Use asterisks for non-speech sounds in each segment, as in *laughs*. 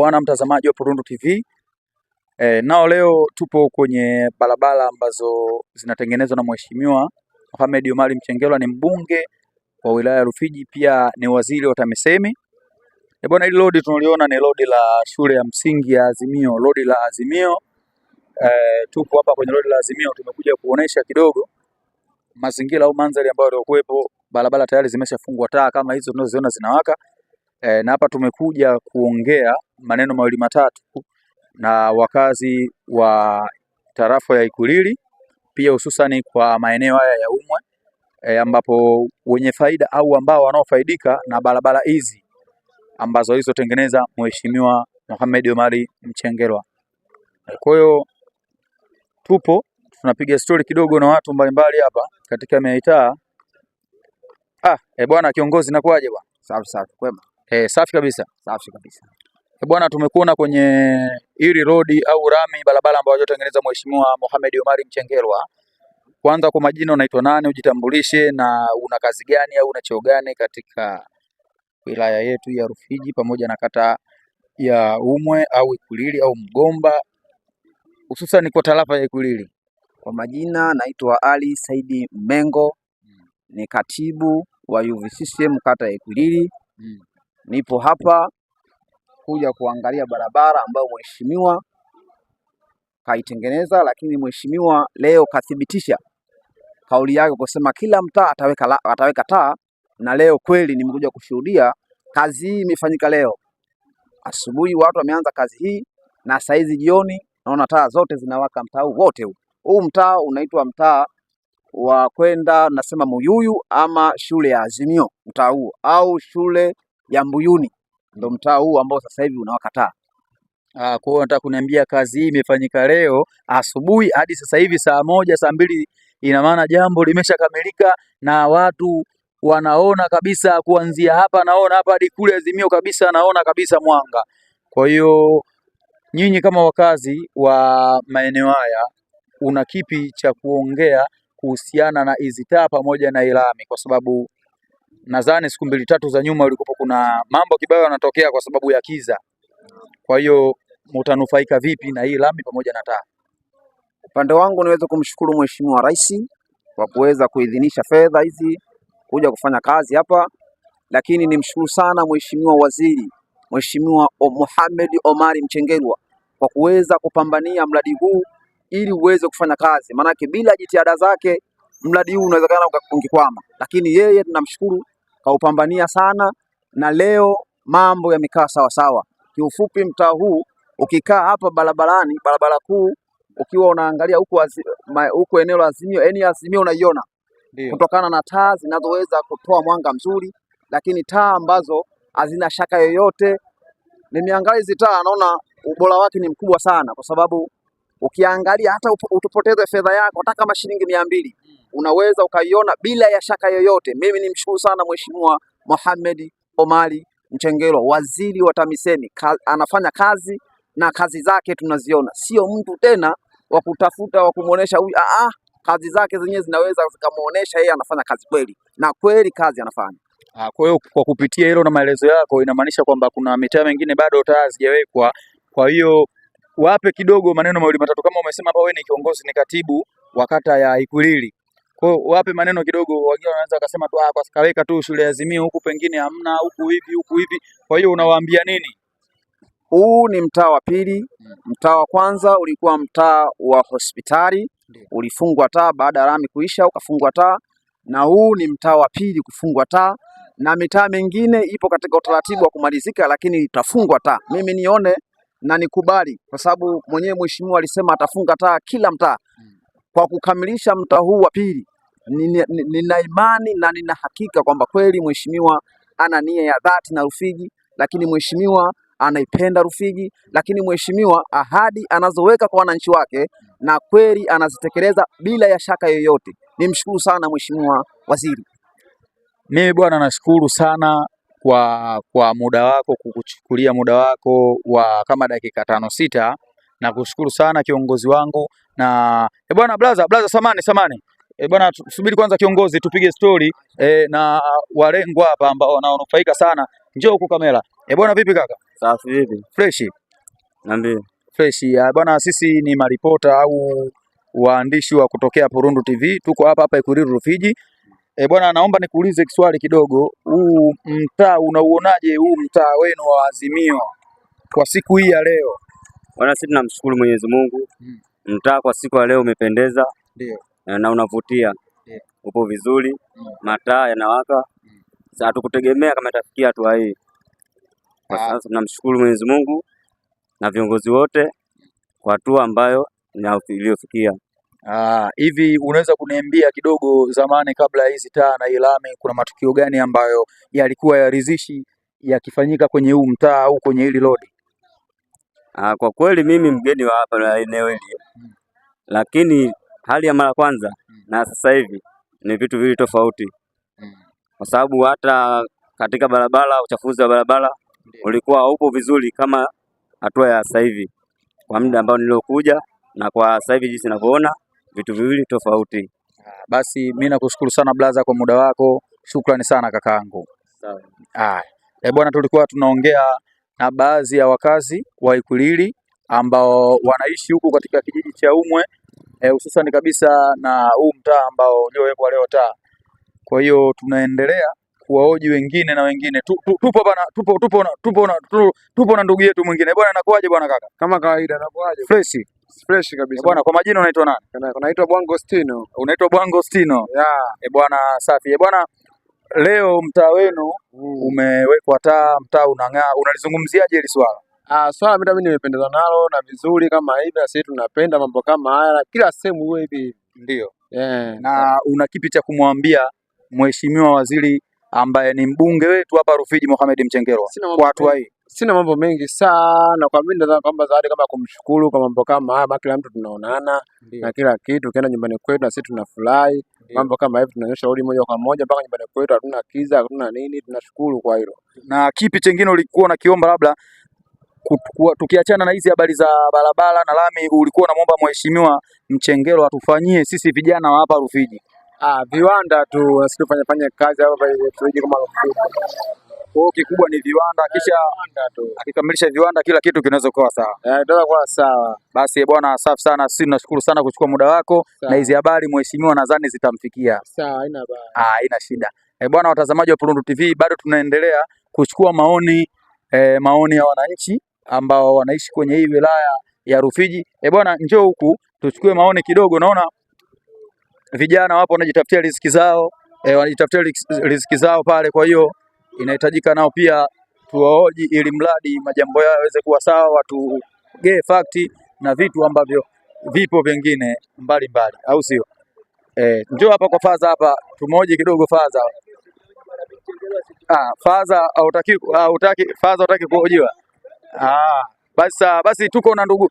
Bwana mtazamaji wa Pulundu TV. E, eh, nao leo tupo kwenye barabara ambazo zinatengenezwa na Mheshimiwa Mohamed Omar Mchengerwa, ni mbunge wa wilaya ya Rufiji, pia ni waziri wa TAMISEMI. E bwana, hili lodi tunaliona ni lodi la shule ya msingi ya Azimio, lodi la Azimio. E, tupo hapa kwenye lodi la Azimio, tumekuja kuonesha kidogo mazingira au mandhari ambayo yalikuwepo. Barabara tayari zimeshafungwa taa kama hizo tunazoziona zinawaka. E, na hapa tumekuja kuongea maneno mawili matatu na wakazi wa tarafa ya Ikulili pia hususani kwa maeneo haya ya Umwe e, ambapo wenye faida au ambao wanaofaidika na barabara hizi ambazo alizotengeneza Mheshimiwa Mohamed Omari Mchengerwa. Kwa hiyo tupo tunapiga stori kidogo na watu mbalimbali hapa katika mitaa. Ah, e bwana kiongozi, nakuaje bwana? Safi safi, kwema. Eh, safi kabisa, safi kabisa. Eh, bwana, tumekuona kwenye hili rodi au rami barabara ambayo aliyotengeneza Mheshimiwa Mohamed Omari Mchengerwa. Kwanza kwa majina, unaitwa nani, ujitambulishe na una kazi gani au una cheo gani katika wilaya yetu ya Rufiji pamoja na kata ya Umwe au Ikulili au Mgomba hususan kwa tarafa ya Ikulili? Kwa majina, naitwa Ali Saidi Mengo ni katibu wa UVCCM kata ya Ikulili hmm. nipo hapa kuja kuangalia barabara ambayo mheshimiwa kaitengeneza, lakini mheshimiwa leo kathibitisha kauli yake kusema kila mtaa ataweka, la, ataweka taa na leo kweli nimekuja kushuhudia kazi hii imefanyika leo asubuhi, watu wameanza kazi hii na saizi jioni naona taa zote zinawaka mtaa huu wote huu. Huu mtaa unaitwa mtaa wa kwenda nasema Muyuyu ama shule ya Azimio, mtaa huu au shule ya Mbuyuni ndo mtaa huu ambao sasa hivi unawakataa. Ah, kwa hiyo nataka kuniambia kazi hii imefanyika leo asubuhi hadi sasa hivi saa moja saa mbili, ina maana jambo limeshakamilika na watu wanaona kabisa, kuanzia hapa naona hapa hadi kule Azimio kabisa naona kabisa mwanga. Kwa hiyo nyinyi kama wakazi wa maeneo haya, una kipi cha kuongea kuhusiana na hizi taa pamoja na ilami, kwa sababu nadhani siku mbili tatu za nyuma ulikopo kuna mambo kibayo yanatokea kwa sababu ya kiza. Kwa hiyo mtanufaika vipi na hii lami pamoja na taa? Upande wangu niweze kumshukuru Mheshimiwa Rais kwa kuweza kuidhinisha fedha hizi kuja kufanya kazi hapa, lakini nimshukuru sana Mheshimiwa Waziri Mheshimiwa Mohamed Omari Mchengerwa kwa kuweza kupambania mradi huu ili uweze kufanya kazi, maanake bila jitihada zake mradi huu unawezekana ungekwama, lakini yeye tunamshukuru kaupambania sana, na leo mambo yamekaa sawasawa. Kiufupi, mtaa huu ukikaa hapa barabarani, barabara kuu, ukiwa unaangalia huko eneo la Azimio, yani Azimio unaiona kutokana na taa zinazoweza kutoa mwanga mzuri, lakini taa ambazo hazina shaka yoyote. Nimeangalia hizi taa, naona ubora wake ni mkubwa sana, kwa sababu ukiangalia hata utupoteze fedha yako hata kama shilingi mia mbili unaweza ukaiona bila ya shaka yoyote. Mimi ni mshukuru sana Mheshimiwa Mohamed Omari Mchengerwa, waziri wa TAMISEMI. Ka, anafanya kazi na kazi zake tunaziona, sio mtu tena wa kutafuta wa kumuonesha huyu. Ah, ah kazi zake zenyewe zinaweza zikamuonesha yeye anafanya kazi kweli, na kweli kazi anafanya. Ah, kwa hiyo kwa kupitia hilo na maelezo yako, inamaanisha kwamba kuna mitaa mingine bado taa hazijawekwa, kwa hiyo wape kidogo maneno mawili matatu, kama umesema hapa, wewe ni kiongozi, ni katibu wa kata ya Ikwiriri kwa hiyo wape maneno kidogo, wengine wanaweza wakasema tu ah, kaweka tu shule ya Azimio huku pengine hamna, huku hivi, huku hivi. Kwa hiyo unawaambia nini? Huu ni mtaa wa pili. Hmm. Mtaa wa kwanza ulikuwa mtaa wa hospitali, ulifungwa taa baada ya lami kuisha, ukafungwa taa, na huu ni mtaa wa pili kufungwa taa, na mitaa mingine ipo katika utaratibu wa kumalizika, lakini itafungwa taa. Mimi nione na nikubali, kwa sababu mwenyewe mheshimiwa alisema atafunga taa kila mtaa. Hmm. Kwa kukamilisha mtaa huu wa pili, Nina, nina imani na nina hakika kwamba kweli mheshimiwa ana nia ya dhati na Rufiji, lakini mheshimiwa anaipenda Rufiji, lakini mheshimiwa ahadi anazoweka kwa wananchi wake na kweli anazitekeleza bila ya shaka yoyote. Nimshukuru sana mheshimiwa waziri. Mimi bwana, nashukuru sana kwa kwa muda wako, kukuchukulia muda wako wa kama dakika tano sita. Nakushukuru sana kiongozi wangu na eh bwana blaza blaza, samani samani E, bwana subiri kwanza kiongozi tupige stori e, eh, na walengwa hapa ambao wanaonufaika sana. Njoo huko kamera. E, bwana vipi kaka? Safi vipi? Fresh. Niambie. Fresh. Ah, bwana sisi ni maripota au waandishi wa kutokea Purundu TV. Tuko hapa hapa Ikuriru Rufiji. E, bwana naomba nikuulize kiswali kidogo. Huu mtaa unauonaje huu mtaa wenu wa Azimio kwa siku hii ya leo? Bwana sisi tunamshukuru Mwenyezi Mungu. Hmm. Mtaa kwa siku ya leo umependeza. Ndio. Eh, na unavutia, eh. upo vizuri, mm. mataa yanawaka. Sasa mm. hatukutegemea kama itafikia hatua hii. Kwa ah. sasa tunamshukuru Mwenyezi Mungu na viongozi wote mm. kwa hatua ambayo iliyofikia. Ah, hivi unaweza kuniambia kidogo, zamani kabla hizi taa na ilami, kuna matukio gani ambayo yalikuwa rizishi yakifanyika kwenye huu mtaa au kwenye hili lodi? Ah, kwa kweli mimi mgeni wa hapa na eneo hili, lakini hali ya mara kwanza na sasa hivi ni vitu viwili tofauti, kwa sababu hata katika barabara uchafuzi wa barabara ulikuwa haupo vizuri kama hatua ya sasa hivi, kwa muda ambao niliokuja na kwa sasa hivi jinsi ninavyoona vitu viwili tofauti. Ah, basi mimi nakushukuru sana blaza kwa muda wako, shukrani sana kakaangu. Sawa. E, bwana, tulikuwa tunaongea na baadhi ya wakazi wa Ikwiriri ambao wanaishi huku katika kijiji cha Umwe Eh, hususani e, kabisa na huu mtaa ambao uliowekwa leo taa. Kwa hiyo tunaendelea kuwaoji wengine na wengine, tupo bana, tupo tupo tupo tupo na ndugu yetu mwingine bwana. Nakuaje bwana kaka? Kama kawaida, nakuaje? Fresh fresh kabisa eh, bwana. Kwa majina unaitwa nani? Unaitwa Bwango Stino. Unaitwa Bwango Stino, yeah. E bwana, safi. E bwana, leo mtaa wenu mm, umewekwa taa, mtaa unang'aa, unalizungumziaje hili swala? Ah, swala mimi mimi nimependezwa nalo na vizuri kama hivi, sisi tunapenda mambo kama haya kila sehemu huwe hivi ndio. Yeah. Na eh. una kipi cha kumwambia mheshimiwa waziri ambaye ni mbunge wetu hapa Rufiji Mohamed Mchengerwa kwa hatua hii? Sina mambo mengi sana kwa mimi, nadhani kwamba zaidi kama kumshukuru kwa mambo kama haya, kila mtu tunaonana na kila kitu, ukienda nyumbani kwetu na sisi tunafurahi mambo kama hivi, tunaonyesha uli moja kwa moja mpaka nyumbani kwetu, hatuna kiza, hatuna nini, tunashukuru kwa hilo. Na kipi chengine ulikuwa na kiomba labda tukiachana na hizi habari za barabara na lami, ulikuwa unamwomba mheshimiwa Mchengero atufanyie sisi vijana wa hapa Rufiji? Ah, viwanda tu asitufanye fanye kazi hapa Rufiji kama Rufiji. kwa kikubwa ni viwanda, kisha eh, akikamilisha viwanda kila kitu kinaweza kuwa sawa. Eh, ndio kwa sawa. Basi eh, bwana, safi sana, sisi tunashukuru sana kuchukua muda wako sawa. Na hizi habari mheshimiwa nadhani zitamfikia. Sawa, haina baya. Ah, haina shida. Eh, bwana watazamaji wa Pulundu TV bado tunaendelea kuchukua maoni eh, maoni ya wananchi ambao wanaishi kwenye hii wilaya ya Rufiji. Eh bwana, njoo huku tuchukue maoni kidogo. Naona vijana wapo wanajitafutia riziki zao e, wanajitafutia riziki zao pale. Kwa hiyo inahitajika nao pia tuwaoji, ili mradi majambo yao yaweze kuwa sawa, watugee fact na vitu ambavyo vipo vingine mbalimbali, au sio? E, njoo hapa kwa Faza hapa tumoje kidogo Faza. Ah, Faza hautaki hautaki Faza hautaki kuojiwa. Ah, basi basi tuko na ndugu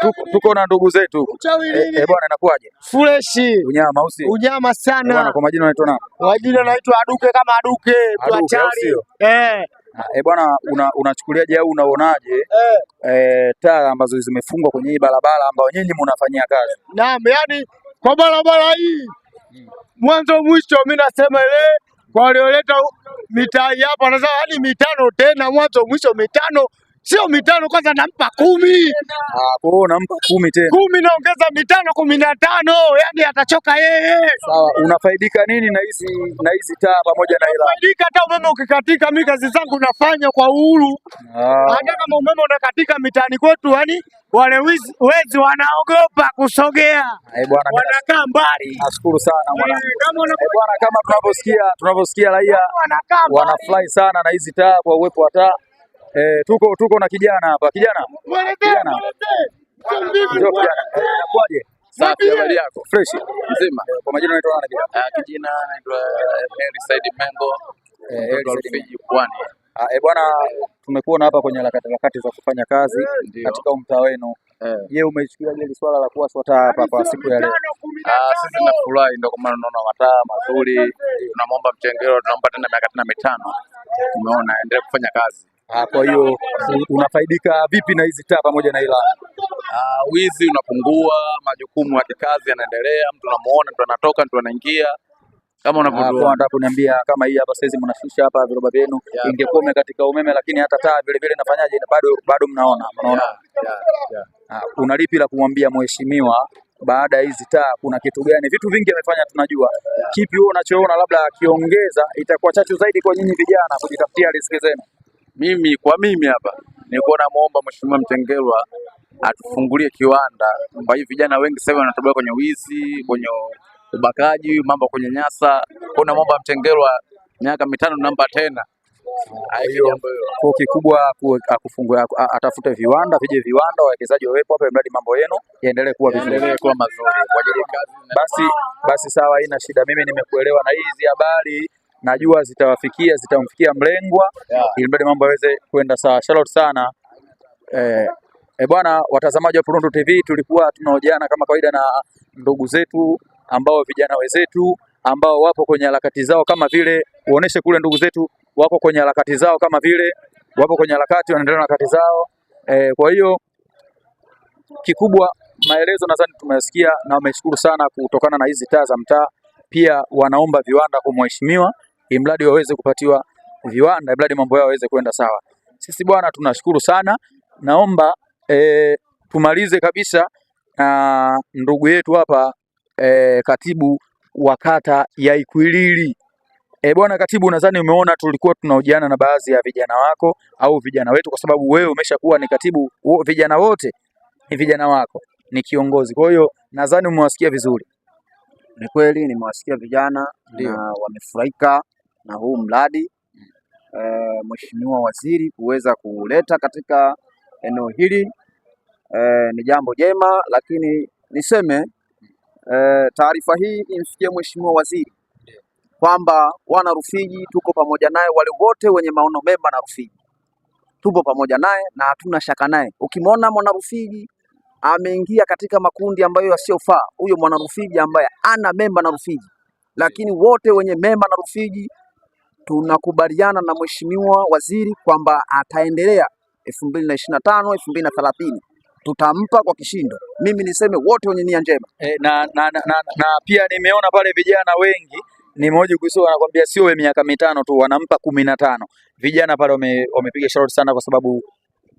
tuko, tuko na ndugu zetu. Eh, eh, bwana inakuaje? Fresh. Unyama usi. Unyama sana. Eh, bwana kwa majina unaitwa nani? Kwa majina naitwa Aduke kama Aduke, tuachari. Eh. Ah, eh, bwana unachukuliaje au unaonaje eh, eh taa ambazo zimefungwa kwenye hii barabara ambayo nyinyi mnafanyia kazi? Naam, yani kwa barabara hii hmm. mwanzo mwisho mimi nasema ile walioleta mitaa hapa nasema yani mitano tena mwanzo mwisho mitano sio mitano, kwanza nampa kumi. Ah, kwa hiyo nampa kumi tena. Kumi naongeza mitano kumi na tano, yani atachoka yeye. Sawa, unafaidika nini na hizi na hizi taa pamoja na hela? Unafaidika hata umeme ukikatika, mimi kazi zangu nafanya kwa uhuru. Ah. Hata kama umeme unakatika mitani kwetu, yani wale wizi, wezi wanaogopa kusogea. Eh, bwana wanakaa mbali. Nashukuru sana mwana. Eh, bwana kama tunavyosikia tunavyosikia raia wanafurahi sana na hizi taa kwa uwepo wa taa Eh, tuko tuko na kijana hapa. Kijana. Kijana. Eh, Inakuaje? Safi habari yako. Fresh. Mzima. Eh, kwa majina unaitwa nani kijana? Ah, eh, kijana anaitwa Mary Said Mengo. Eh, ah, eh, bwana tumekuona hapa kwenye harakati harakati za kufanya kazi katika umtaa wenu. Je, umeichukuliaje hili swala la kuwa SWATA hapa kwa siku ya leo? Ah, sisi tunafurahi, ndio kwa maana unaona mataa mazuri. Tunamwomba Mchengero, tunampa tena miaka tena mitano. Umeona, endelee kufanya kazi. Ah, kwa hiyo unafaidika vipi na hizi taa pamoja na ilani? Uh, wizi unapungua, majukumu ya kikazi yanaendelea, mtu anamuona, mtu anatoka, mtu anaingia kama ah, unavyoona nataka kuniambia kama hii hapa saizi mnashusha hapa viroba vyenu, ingekuwa katika umeme, lakini hata taa vile vile inafanyaje, bado bado mnaona mnaona. Kuna lipi la kumwambia mheshimiwa baada ya hizi taa? Kuna kitu gani? Vitu vingi amefanya tunajua. Kipi wewe unachoona labda akiongeza itakuwa chachu zaidi kwa nyinyi vijana kujitafutia riziki zenu? Mimi kwa mimi hapa nilikuwa namuomba Mheshimiwa mtengelwa atufungulie kiwanda, kwa hiyo vijana wengi sasa wanatoboa kwenye wizi, kwenye ubakaji, mambo kwenye nyasa. Kwa namuomba mtengelwa miaka mitano namba tena hiyo kwa kikubwa akufungue atafute viwanda vije viwanda, wawekezaji wawepo hapa, mradi mambo yenu yaendelee kuwa vizuri, kuwa mazuri kwa ajili kazi. Basi basi, sawa, haina shida. Mimi nimekuelewa na hizi habari najua zitawafikia zitamfikia mlengwa yeah. ili mradi mambo yaweze kwenda sawa. Shout sana eh, e bwana watazamaji wa Pulundu TV, tulikuwa tunaojana kama kawaida na ndugu zetu ambao vijana wenzetu ambao wapo kwenye harakati zao, kama vile uoneshe kule, ndugu zetu wako kwenye harakati zao, kama vile wapo kwenye harakati, wanaendelea na harakati zao e, kwa hiyo kikubwa maelezo nadhani tumeyasikia na wameshukuru sana kutokana na hizi taa za mtaa. Pia wanaomba viwanda kumheshimiwa ili mradi waweze kupatiwa viwanda, mradi mambo yao yaweze kwenda sawa. Sisi bwana, tunashukuru sana. Naomba e, tumalize kabisa na ndugu yetu hapa e, katibu wa kata ya Ikwilili. E, bwana katibu, nadhani umeona tulikuwa tunahojiana na baadhi ya vijana wako au vijana wetu, kwa sababu wewe umeshakuwa ni katibu, vijana wote ni vijana wako, ni kiongozi. Kwa hiyo nadhani umewasikia vizuri. Ni kweli nimewasikia vijana Dio, na wamefurahika na huu mradi e, Mheshimiwa Waziri kuweza kuleta katika eneo hili e, ni jambo jema, lakini niseme e, taarifa hii imfikie Mheshimiwa Waziri kwamba wana Rufiji tuko pamoja naye, wale wote wenye maono mema na Rufiji tupo pamoja naye na hatuna shaka naye. Ukimwona mwana Rufiji ameingia katika makundi ambayo yasiyofaa, huyo mwana Rufiji ambaye ana mema na Rufiji, lakini wote wenye mema na Rufiji tunakubaliana na mheshimiwa waziri kwamba ataendelea 2025 2030 tutampa kwa kishindo. Mimi niseme wote wenye nia njema e, na, na, na, na, na pia nimeona pale vijana wengi ni moja kuhusu wanakwambia sio we miaka mitano tu, wanampa kumi na tano. Vijana pale wamepiga shauri sana, kwa sababu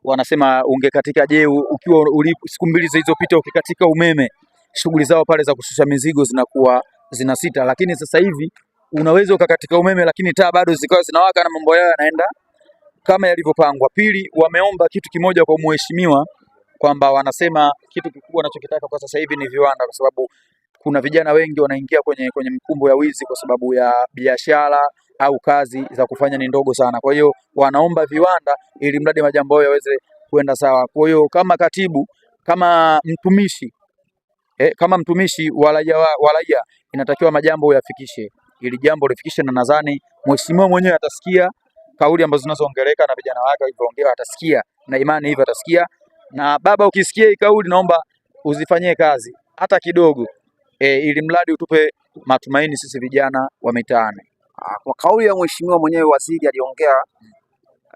wanasema ungekatika, je, ukiwa siku mbili zilizopita ukikatika umeme, shughuli zao pale za kushusha mizigo zinakuwa zinasita lakini sasa hivi unaweza ukakatika umeme, lakini taa bado zikawa zinawaka na mambo yao yanaenda kama yalivyopangwa. Pili, wameomba kitu kimoja kwa mheshimiwa kwamba wanasema kitu kikubwa wanachokitaka kwa sasa hivi ni viwanda, kwa sababu kuna vijana wengi wanaingia kwenye, kwenye mkumbo ya wizi kwa sababu ya biashara au kazi za kufanya ni ndogo sana. Kwa hiyo wanaomba viwanda ili mradi majambo yao yaweze kwenda sawa. Kwa hiyo kama katibu, kama mtumishi eh, kama mtumishi wa raia inatakiwa majambo yafikishe ili jambo lifikishe, na nadhani mheshimiwa mwenyewe atasikia kauli ambazo zinazoongeleka na vijana wake walivyoongea, atasikia na imani hivyo atasikia. Na baba, ukisikia hii kauli, naomba uzifanyie kazi hata kidogo e, ili mradi utupe matumaini sisi vijana wa mitaani. Ah, kwa kauli ya mheshimiwa mwenyewe waziri aliongea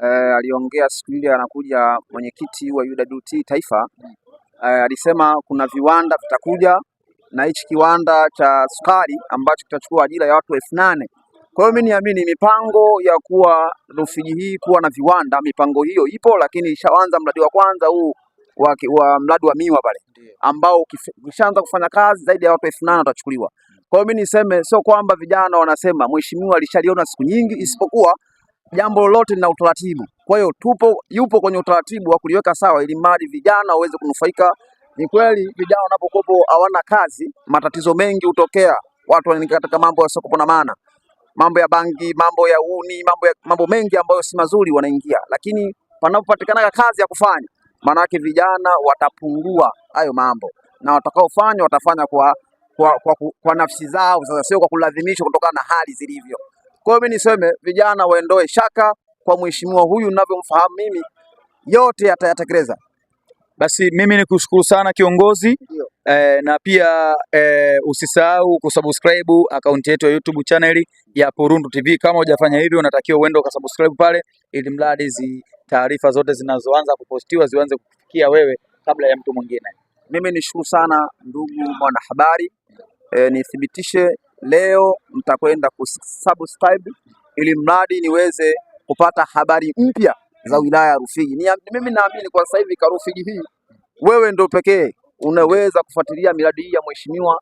Uh, aliongea siku ile anakuja mwenyekiti wa UWT taifa uh, alisema kuna viwanda vitakuja na hichi kiwanda cha sukari ambacho kitachukua ajira ya watu elfu nane. Kwa hiyo mimi niamini mipango ya kuwa Rufiji hii kuwa na viwanda, mipango hiyo ipo, lakini ishaanza mradi wa kwanza huu wa, wa mradi wa miwa pale ambao ukishaanza kufanya kazi zaidi ya watu elfu nane watachukuliwa. Kwa hiyo mimi niseme sio kwamba vijana wanasema mheshimiwa alishaliona siku nyingi, mm. isipokuwa jambo lolote lina utaratibu. Kwa hiyo tupo yupo kwenye utaratibu wa kuliweka sawa ili mradi vijana waweze kunufaika ni kweli vijana wanapokuwa hawana kazi, matatizo mengi hutokea. Watu wanaingia katika mambo yasiyokuwa na maana, mambo ya bangi, mambo ya uni, mambo ya, mambo mengi ambayo si mazuri wanaingia, lakini panapopatikana kazi ya kufanya, maanake vijana watapungua hayo mambo, na watakaofanya watafanya kwa, kwa, kwa, kwa, kwa nafsi zao, sasa sio kwa kulazimishwa kutokana na hali zilivyo. Kwa hiyo mimi niseme vijana waendoe shaka kwa mheshimiwa huyu, ninavyomfahamu mimi, yote atayatekeleza. Basi mimi ni kushukuru sana kiongozi eh, na pia eh, usisahau kusubscribe akaunti yetu ya YouTube channel ya Purundu TV. Kama hujafanya hivyo, unatakiwa uende ukasubscribe pale, ili mradi zi taarifa zote zinazoanza kupostiwa zianze kufikia wewe kabla ya mtu mwingine. Mimi nishukuru sana ndugu mwanahabari eh, nithibitishe leo mtakwenda kusubscribe ili mradi niweze kupata habari mpya za wilaya ya Rufiji. Ni mimi naamini kwa sasa hivi kwa Rufiji hii wewe ndio pekee unaweza kufuatilia miradi hii ya mheshimiwa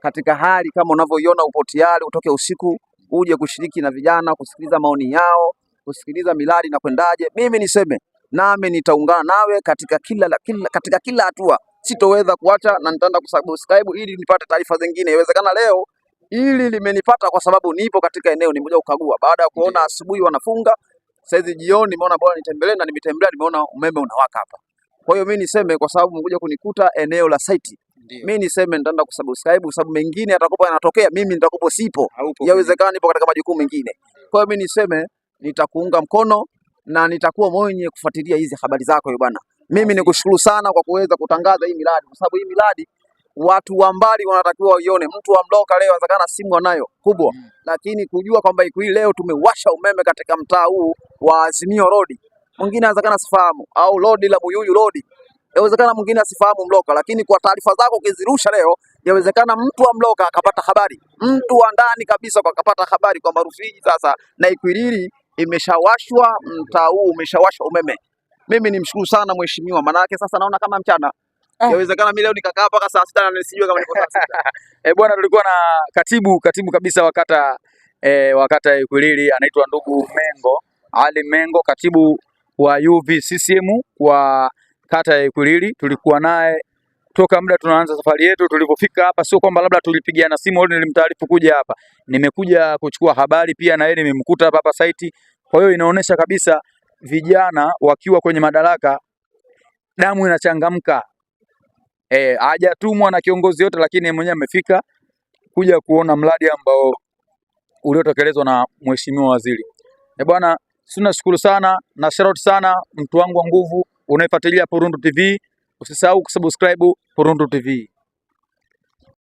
katika hali kama unavyoiona. Upo tayari utoke usiku uje kushiriki na vijana, kusikiliza maoni yao, kusikiliza miradi na kwendaje. Mimi niseme nami nitaungana nawe katika kila, kila, katika kila hatua sitoweza kuacha na nitaenda kusubscribe ili nipate taarifa zingine. Iwezekana leo ili limenipata kwa sababu nipo katika eneo, nimekuja kukagua baada ya kuona asubuhi wanafunga Saizi jioni nimeona bora nitembelee na nimetembelea, nimeona umeme unawaka hapa. Kwa hiyo mimi niseme kwa sababu mkuja kunikuta eneo la site. Mimi niseme nitaenda kusubscribe sababu mengine atakopa yanatokea, mimi nitakopo sipo. Yawezekana nipo katika majukumu mengine. Kwa hiyo mimi niseme nitakuunga mkono na nitakuwa mwenye kufuatilia hizi habari zako bwana. Mimi nikushukuru sana kwa kuweza kutangaza hii miradi kwa sababu hii miradi watu wa mbali wanatakiwa waione. Mtu wa Mloka leo inawezekana simu anayo kubwa mm, lakini kujua kwamba iko hii leo tumewasha umeme katika mtaa huu wa Azimio Road, mwingine anawezekana sifahamu, au road la Buyuyu Road, inawezekana mwingine asifahamu Mloka, lakini kwa taarifa zako ukizirusha leo, inawezekana mtu wa Mloka akapata habari, mtu wa ndani kabisa akapata habari kwamba Rufiji sasa na Ikwiriri imeshawashwa, mtaa huu umeshawasha umeme. Mimi nimshukuru sana mheshimiwa, maana yake sasa naona kama mchana Ah. Yawezekana mimi leo nikakaa mpaka saa sita na nisijue kama niko saa sita. *laughs* Eh, bwana tulikuwa na katibu katibu kabisa wakata kata eh, wa kata Ikwiriri anaitwa ndugu Mengo, Ali Mengo katibu wa UVCCM wa kata ya Ikwiriri. Tulikuwa naye toka muda tunaanza safari yetu, tulipofika hapa, sio kwamba labda tulipigiana simu au nilimtaarifu kuja hapa. Nimekuja kuchukua habari pia, na yeye nimemkuta hapa hapa site. Kwa hiyo inaonesha kabisa vijana wakiwa kwenye madaraka damu inachangamka, eh, hajatumwa na kiongozi yote, lakini yeye mwenyewe amefika kuja kuona mradi ambao uliotekelezwa na mheshimiwa waziri. Eh, bwana tunashukuru sana na shout sana mtu wangu wa nguvu unayefuatilia Purundu TV, usisahau kusubscribe Purundu TV.